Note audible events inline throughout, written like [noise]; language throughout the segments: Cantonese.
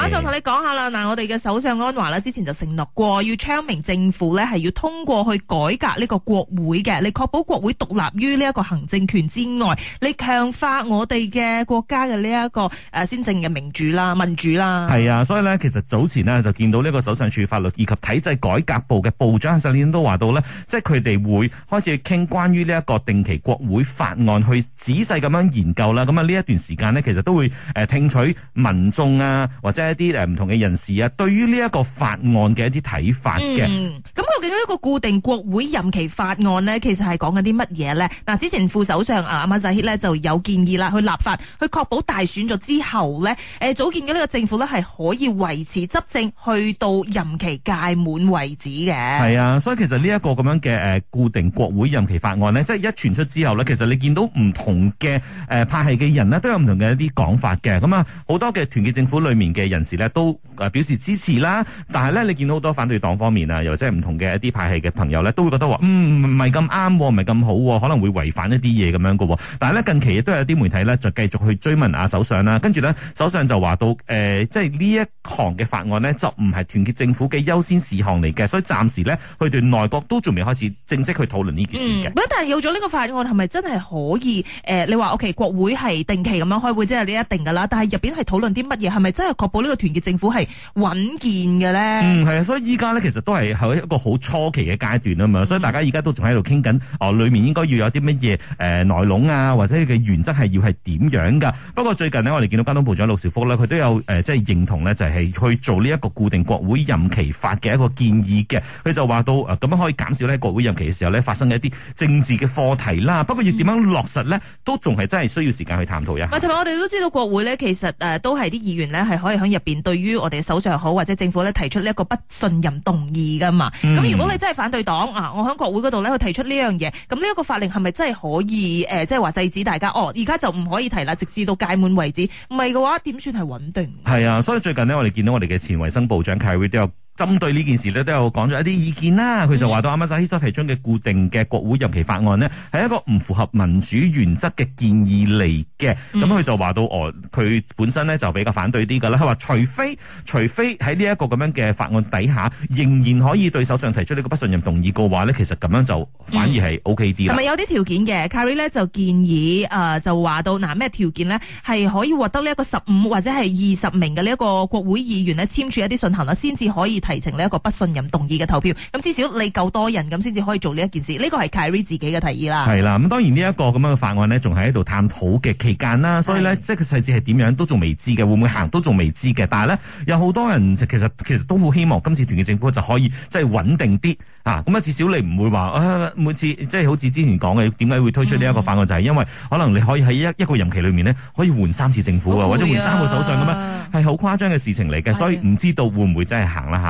馬上同你講下啦，嗱，我哋嘅首相安華呢之前就承諾過要昌明政府呢係要通過去改革呢個國會嘅，嚟確保國會獨立於呢一個行政權之外，嚟強化我哋嘅國家嘅呢一個誒先政嘅民主啦，民主啦。係啊，所以呢，其實早前呢，就見到呢個首相署法律以及體制改革部嘅部長上年都話到呢，即係佢哋會開始去傾關於呢一個定期國會法案，去仔細咁樣研究啦。咁啊，呢一段時間呢，其實都會誒聽取民眾啊或者。一啲誒唔同嘅人士啊，對於呢一個法案嘅一啲睇法嘅。咁我見到一個固定國會任期法案呢，其實係講緊啲乜嘢呢？嗱，之前副首相啊阿馬扎希呢就有建議啦，去立法去確保大選咗之後呢，誒、呃、組建嘅呢個政府呢係可以維持執政去到任期屆滿為止嘅。係啊，所以其實呢一個咁樣嘅誒固定國會任期法案呢，即、就、係、是、一傳出之後呢，其實你見到唔同嘅誒派系嘅人呢，都有唔同嘅一啲講法嘅。咁啊，好多嘅團結政府裏面嘅人。時呢，都誒表示支持啦，但係呢，你見到好多反對黨方面啊，又或者係唔同嘅一啲派系嘅朋友呢，都會覺得話唔係咁啱，唔係咁好，可能會違反一啲嘢，咁樣噶。但係呢，近期亦都有啲媒體呢，就繼續去追問阿首相啦，跟住呢，首相就話到誒、呃，即係呢一行嘅法案呢，就唔係團結政府嘅優先事項嚟嘅，所以暫時呢，佢哋內閣都仲未開始正式去討論呢件事嘅，嗯。但係有咗呢個法案，係咪真係可以誒、呃？你話 O K 國會係定期咁樣開會，即係呢一定噶啦。但係入邊係討論啲乜嘢？係咪真係確保？呢個團結政府係穩健嘅咧，嗯，係啊，所以依家咧其實都係喺一個好初期嘅階段啊嘛，所以大家而家都仲喺度傾緊，哦，裡面應該要有啲乜嘢誒內龍啊，或者嘅原則係要係點樣噶？不過最近呢，我哋見到交通部長陸兆福呢，佢都有誒，即、呃、係認同呢，就係、是、去做呢一個固定國會任期法嘅一個建議嘅。佢就話到誒，咁、呃、樣可以減少咧國會任期嘅時候呢，發生嘅一啲政治嘅課題啦。不過要點樣落實呢？嗯、都仲係真係需要時間去探討嘅。同埋我哋都知道國會呢其實誒、呃、都係啲議員呢，係可以入邊對於我哋嘅首相好或者政府咧提出呢一個不信任動議噶嘛，咁、嗯、如果你真係反對黨啊，我喺國會嗰度咧去提出呢樣嘢，咁呢一個法令係咪真係可以誒，即係話制止大家？哦，而家就唔可以提啦，直至到屆滿為止。唔係嘅話，點算係穩定？係啊，所以最近呢，我哋見到我哋嘅前衛生部長凱里都有針對呢件事咧，都有講咗一啲意見啦。佢就話到，啱啱查希所提出嘅固定嘅國會任期法案呢，係一個唔符合民主原則嘅建議嚟嘅。咁佢、嗯、就話到，哦，佢本身呢就比較反對啲㗎啦。佢話，除非除非喺呢一個咁樣嘅法案底下，仍然可以對首相提出呢個不信任動議嘅話呢，其實咁樣就反而係 O K 啲。同埋、嗯、有啲條件嘅？Carrie 咧就建議誒、呃，就話到嗱，咩條件呢？係可以獲得呢一個十五或者係二十名嘅呢一個國會議員咧簽署一啲信函啦，先至可以。提呈呢一個不信任動議嘅投票，咁至少你夠多人咁先至可以做呢一件事，呢個係 Kerry 自己嘅提議啦係啦，咁當然呢一個咁樣嘅法案呢，仲喺度探討嘅期間啦，所以呢，的即係個細節係點樣都仲未知嘅，會唔會行都仲未知嘅。但係呢，有好多人其實其實都好希望今次團結政府就可以即係穩定啲啊，咁啊至少你唔會話、啊、每次即係好似之前講嘅，點解會推出呢一個法案、嗯、就係因為可能你可以喺一一個任期裏面呢，可以換三次政府啊，或者換三個首相咁樣，係好誇張嘅事情嚟嘅，所以唔知道會唔會真係行啦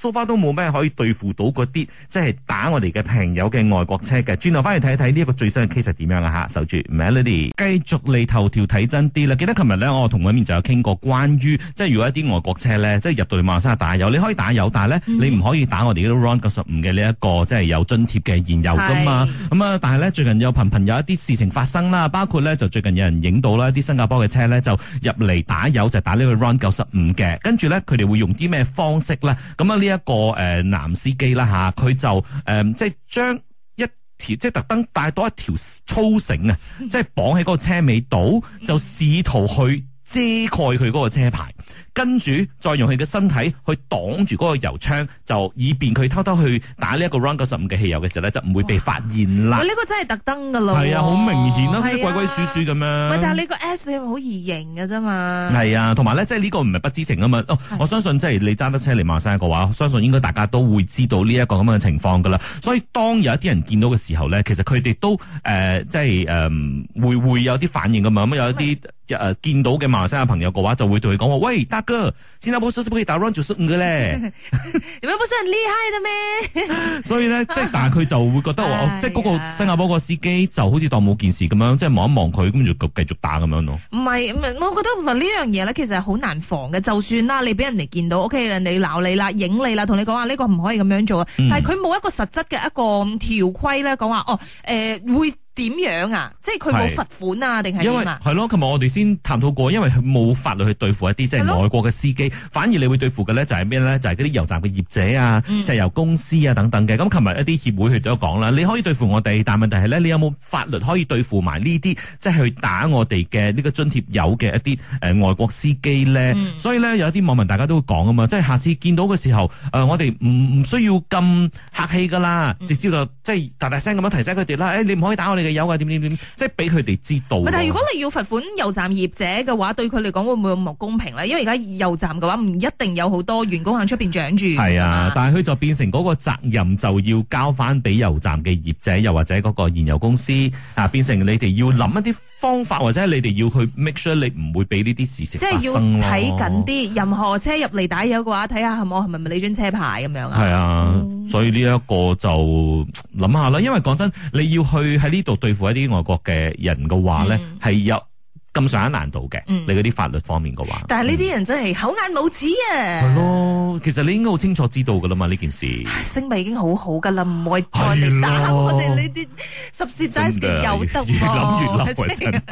so far 都冇咩可以對付到嗰啲，即係打我哋嘅朋友嘅外國車嘅。轉頭翻去睇一睇呢一個最新嘅 case 係點樣啊！嚇，守住 Melody，繼續你頭條睇真啲啦。記得琴日咧，我同佢面就有傾過，關於即係如果一啲外國車咧，即係入到你馬來西亞打油，你可以打油，但係咧你唔可以打我哋嘅 RON 95嘅呢一個、mm hmm。即係有津貼嘅燃油噶嘛。咁啊是，但係咧最近有頻頻有一啲事情發生啦，包括咧就最近有人影到啦啲新加坡嘅車咧就入嚟打油就是、打呢個 RON 95嘅，跟住咧佢哋會用啲咩方式咧？咁啊呢？一個誒男司機啦，吓，佢就誒即係將一條即係特登帶到一條粗繩啊，即係綁喺個車尾度，就試圖去遮蓋佢嗰個車牌。跟住再用佢嘅身體去擋住嗰個油槍，就以便佢偷偷去打呢一個 Round 95嘅汽油嘅時候咧，就唔會被發現啦。這個啊、哦，呢個真係特登㗎咯，係啊，好明顯啦，鬼鬼祟祟咁樣。唔係，但係呢個 S 你好易認嘅啫嘛。係啊，同埋咧，即係呢個唔係不知情啊嘛。哦，啊、我相信即係你揸得車嚟馬來西亞嘅話，相信應該大家都會知道呢一個咁樣嘅情況㗎啦。所以當有一啲人見到嘅時候咧，其實佢哋都誒、呃、即係誒、呃、會會有啲反應㗎嘛。咁有一啲誒見到嘅馬來西亞嘅朋友嘅話，就會對佢講話喂，得。新加坡司機可以打 round 結束嘅咧， [laughs] 你們不是很厲害的咩？ [laughs] 所以咧，即係但係佢就會覺得我即係嗰個新加坡個司機就好似當冇件事咁樣，即係望一望佢，跟住就繼續打咁樣咯。唔係，唔係，我覺得話呢樣嘢咧，其實係好難防嘅。就算啦，okay, 你俾人哋見到，OK，人哋鬧你啦，影你啦，同你講話呢個唔可以咁樣做啊，嗯、但係佢冇一個實質嘅一個條規咧，講話哦，誒、呃、會。點樣啊？即係佢冇罰款啊？定係因為啊？係咯，琴日我哋先探討過，因為冇法律去對付一啲的即係外國嘅司機，反而你會對付嘅咧就係咩咧？就係嗰啲油站嘅業者啊、石油公司啊等等嘅。咁琴日一啲協會佢都有講啦，你可以對付我哋，但問題係咧，你有冇法律可以對付埋呢啲即係去打我哋嘅呢個津貼油嘅一啲誒外國司機咧？嗯、所以咧，有一啲網民大家都會講啊嘛，即係下次見到嘅時候，誒、呃、我哋唔唔需要咁客氣噶啦，嗯、直接就即、是、係大大聲咁樣提醒佢哋啦。誒、哎、你唔可以打我哋嘅。有啊，點點點，即係俾佢哋知道。但係如果你要罰款油站業者嘅話，對佢嚟講會唔會咁冇公平咧？因為而家油站嘅話唔一定有好多員工喺出邊長住。係啊，是嗎但係佢就變成嗰個責任就要交翻俾油站嘅業者，又或者嗰個燃油公司啊，變成你哋要諗一啲。方法或者你哋要去 make sure 你唔會俾呢啲事情發生咯，即係要睇緊啲任何車入嚟打油嘅話，睇下係我係咪咪你張車牌咁樣啊。係啊、嗯，所以呢一個就諗下啦，因為講真，你要去喺呢度對付一啲外國嘅人嘅話咧，係、嗯、有。咁上一難度嘅，嗯、你嗰啲法律方面嘅話，但係呢啲人真係口眼冇恥！啊係、嗯、咯，其實你應該好清楚知道噶啦嘛，呢件事聲味已經好好噶啦，唔會再打我哋呢啲拾線得嘅油德咯。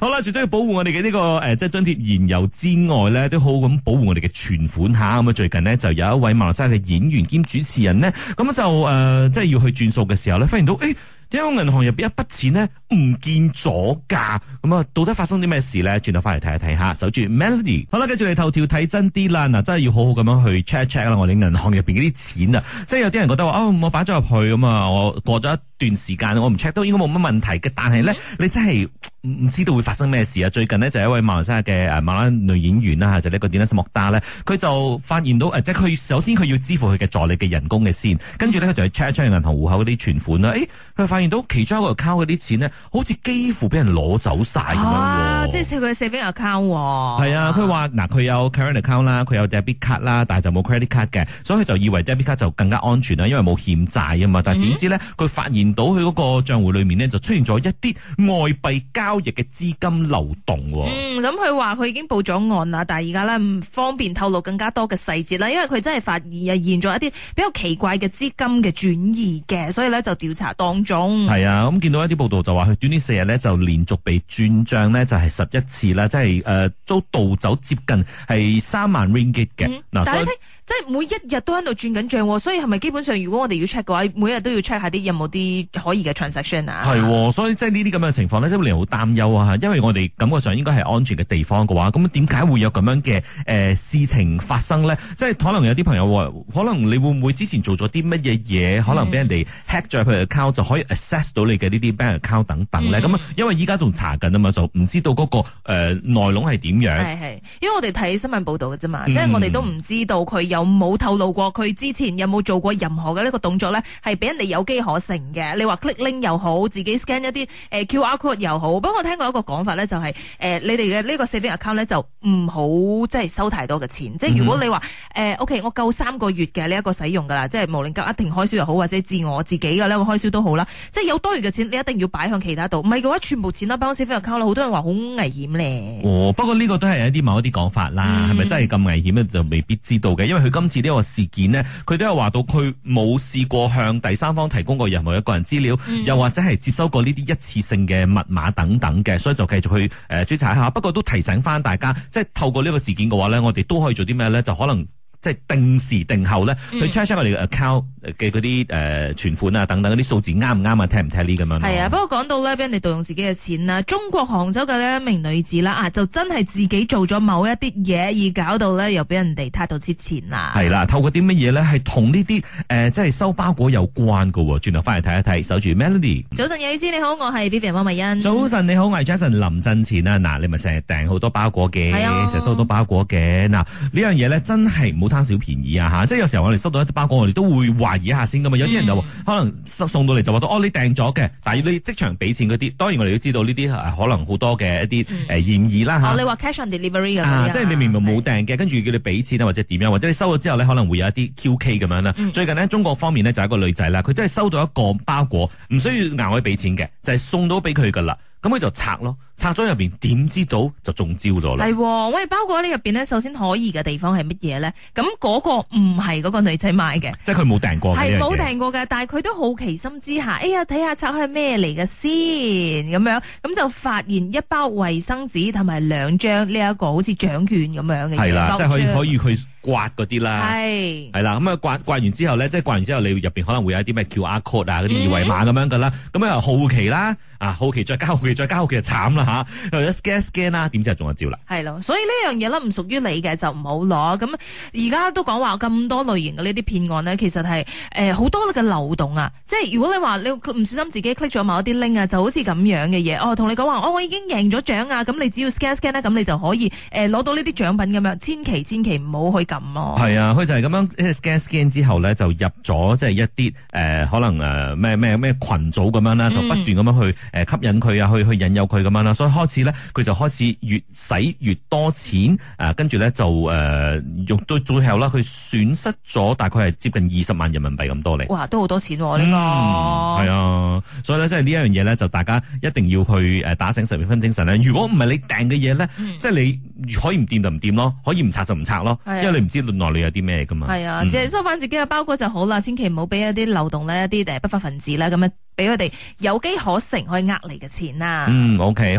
好啦，除咗要保護我哋嘅呢個誒，即係津貼燃油之外咧，都好好咁保護我哋嘅存款吓。咁啊、嗯，最近呢，就有一位馬來西亞嘅演員兼主持人呢，咁就誒，即、呃、係、就是、要去轉數嘅時候咧，發現到誒。欸點解銀行入邊一筆錢咧唔見咗噶，咁啊，到底發生啲咩事咧？轉頭翻嚟睇一睇吓，守住 Melody。好啦，繼續嚟頭條睇真啲啦，嗱，真係要好好咁樣去 check 一 check 啦，我哋銀行入邊嗰啲錢啊，即係有啲人覺得話，哦，我擺咗入去咁啊，我過咗。段時間我唔 check 都應該冇乜問題嘅，但係咧、嗯、你真係唔知道會發生咩事啊！最近呢，就一位馬來西亞嘅誒馬拉女演員啦、啊、就呢、是、個迪安娜莫達咧，佢就發現到、呃、即係佢首先佢要支付佢嘅助理嘅人工嘅先，跟住咧佢就去 check 一 check 銀行戶口嗰啲存款啦、啊。誒，佢發現到其中一個 account 嗰啲錢呢，好似幾乎俾人攞走晒咁樣。啊，即係佢嘅 saving account。係啊，佢話嗱，佢有 current account 啦，佢有 debit 卡啦，但係就冇 credit card 嘅，所以佢就以為 debit card 就更加安全啦，因為冇欠債啊嘛。但係點知呢，佢、嗯、發現。到佢嗰個賬戶裏面呢，就出現咗一啲外幣交易嘅資金流動。嗯，咁佢話佢已經報咗案啦，但係而家咧唔方便透露更加多嘅細節啦，因為佢真係發現現咗一啲比較奇怪嘅資金嘅轉移嘅，所以咧就調查當中。係啊，咁見到一啲報道就話佢短短四日咧就連續被轉賬呢，就係十一次啦，即係誒遭盜走接近係三萬 Ringgit 嘅，嗯。嗱，即係每一日都喺度轉緊賬，所以係咪基本上如果我哋要 check 嘅話，每日都要 check 下啲有冇啲可疑嘅 transaction 啊？係喎、哦，所以即係呢啲咁嘅情況呢，即係令人好擔憂啊！嚇，因為我哋感覺上應該係安全嘅地方嘅話，咁點解會有咁樣嘅誒、呃、事情發生呢？即係可能有啲朋友可能你會唔會之前做咗啲乜嘢嘢，可能俾人哋 hack 咗佢嘅 account 就可以 access 到你嘅呢啲 bank account 等等呢？咁、嗯、因為依家仲查緊啊嘛，就唔知道嗰、那個誒、呃、內容係點樣？係係，因為我哋睇新聞報導嘅啫嘛，嗯、即係我哋都唔知道佢有。有冇透露過佢之前有冇做過任何嘅呢個動作咧？係俾人哋有機可乘嘅。你話 click link 又好，自己 scan 一啲誒、呃、QR code 又好。不過我聽過一個講法咧，就係、是、誒、呃、你哋嘅呢個 saving account 咧，就唔好即係收太多嘅錢。即係如果你話誒、呃、O.K. 我夠三個月嘅呢一個使用噶啦，即係無論夠一定開銷又好，或者自我自己嘅呢個開銷都好啦。即係有多餘嘅錢，你一定要擺向其他度。唔係嘅話，全部錢啦，包括 saving account 啦，好多人話好危險咧。哦，不過呢個都係一啲某一啲講法啦，係咪、嗯、真係咁危險咧？就未必知道嘅，因為今次呢個事件呢，佢都有話到，佢冇試過向第三方提供過任何一個人資料，又或者係接收過呢啲一次性嘅密碼等等嘅，所以就繼續去誒追查一下。不過都提醒翻大家，即係透過呢個事件嘅話呢，我哋都可以做啲咩呢？就可能。即係定時定候咧，嗯、去 check 我哋嘅 account 嘅嗰啲、呃、誒、呃、存款啊等等嗰啲數字啱唔啱啊，聽唔聽呢咁樣？係啊，啊不過講到咧俾人哋盜用自己嘅錢啦、啊，中國杭州嘅咧一名女子啦啊，就真係自己做咗某一啲嘢，而搞到咧又俾人哋偷到錢啦、啊。係啦、啊，透過啲乜嘢咧？係同呢啲誒，即、呃、係收包裹有關噶、啊。轉頭翻嚟睇一睇，守住 Melody。早晨，楊醫生你好，我係 Vivian 汪慧欣。早晨你好，我係 Jason 林振前啊。嗱，你咪成日訂好多包裹嘅，成日、啊、收到包裹嘅。嗱，樣呢樣嘢咧真係冇。貪小便宜啊吓，即係有時候我哋收到一啲包裹，我哋都會懷疑一下先噶嘛。有啲人就、嗯、可能送到嚟就話到哦，你訂咗嘅，但係你即場俾錢嗰啲，當然我哋都知道呢啲可能好多嘅一啲誒嫌疑啦吓。你話 cash on delivery 咁？即係你明明冇訂嘅，跟住、嗯、叫你俾錢或者點樣，或者你收咗之後你可能會有一啲 QK 咁樣啦。嗯、最近呢，中國方面呢，就係、一個女仔啦，佢真係收到一個包裹，唔需要額外俾錢嘅，就係、是、送到俾佢噶啦。咁佢就拆咯，拆咗入邊點知道就中招咗咧？係，喂，包裹咧入邊咧，首先可疑嘅地方係乜嘢咧？咁嗰個唔係嗰個女仔買嘅，即係佢冇訂過，係冇訂過嘅，但係佢都好奇心之下，哎呀，睇下拆開咩嚟嘅先，咁樣，咁就發現一包衛生紙同埋兩張呢一個好似獎券咁樣嘅嘢，係啦的，包括 即係可以去刮嗰啲啦，係的，係啦，咁啊刮刮完之後咧，即係刮完之後你入邊可能會有啲咩 QR code 啊嗰啲二維碼咁樣噶啦，咁啊、嗯、哼好奇啦，啊好奇再加。再加好佢就慘啦吓，又 sc 有 scare scan 啦，點知又仲係招啦？係咯，所以呢樣嘢咧唔屬於你嘅就唔好攞。咁而家都講話咁多類型嘅呢啲騙案咧，其實係誒好多嘅漏洞啊！即係如果你話你唔小心自己 click 咗某一啲 link 啊，就好似咁樣嘅嘢哦，同你講話哦，我已經贏咗獎啊！咁你只要 scare scan 咧，咁你就可以誒攞到呢啲獎品咁、啊、樣，千祈千祈唔好去撳哦。係啊，佢就係咁樣 scare scan 之後咧，就入咗即係一啲誒、呃、可能誒咩咩咩群組咁樣啦，就不斷咁樣去誒吸引佢啊、嗯去引誘佢咁樣啦，所以開始咧，佢就開始越使越多錢，誒、啊，跟住咧就誒，用、呃、到最後啦，佢損失咗大概係接近二十萬人民幣咁多嚟。哇，都好多錢呢、啊嗯這個，係啊，所以咧，即係呢一樣嘢咧，就大家一定要去誒、呃、打醒十二分精神咧。如果唔係你訂嘅嘢咧，嗯、即係你可以唔掂就唔掂咯，可以唔拆就唔拆咯，啊、因為你唔知內裏有啲咩噶嘛。係啊，只係收翻自己嘅包裹就好啦，千祈唔好俾一啲漏洞咧，一啲誒不法分子啦咁樣。俾佢哋有機可乘去呃你嘅錢啊！嗯，OK。